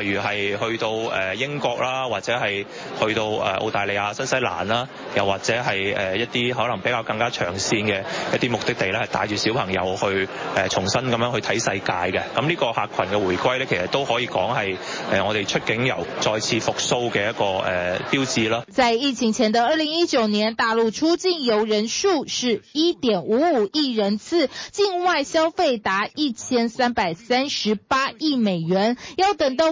例如係去到誒英國啦，或者係去到誒澳大利亞新西蘭啦，又或者係誒一啲可能比較更加長線嘅一啲目的地咧，係帶住小朋友去誒重新咁樣去睇世界嘅。咁呢個客群嘅回歸咧，其實都可以講係誒我哋出境遊再次復蘇嘅一個誒標誌咯。在疫情前的二零一九年，大陸出境遊人數是一點五五億人次，境外消費達一千三百三十八億美元。要等到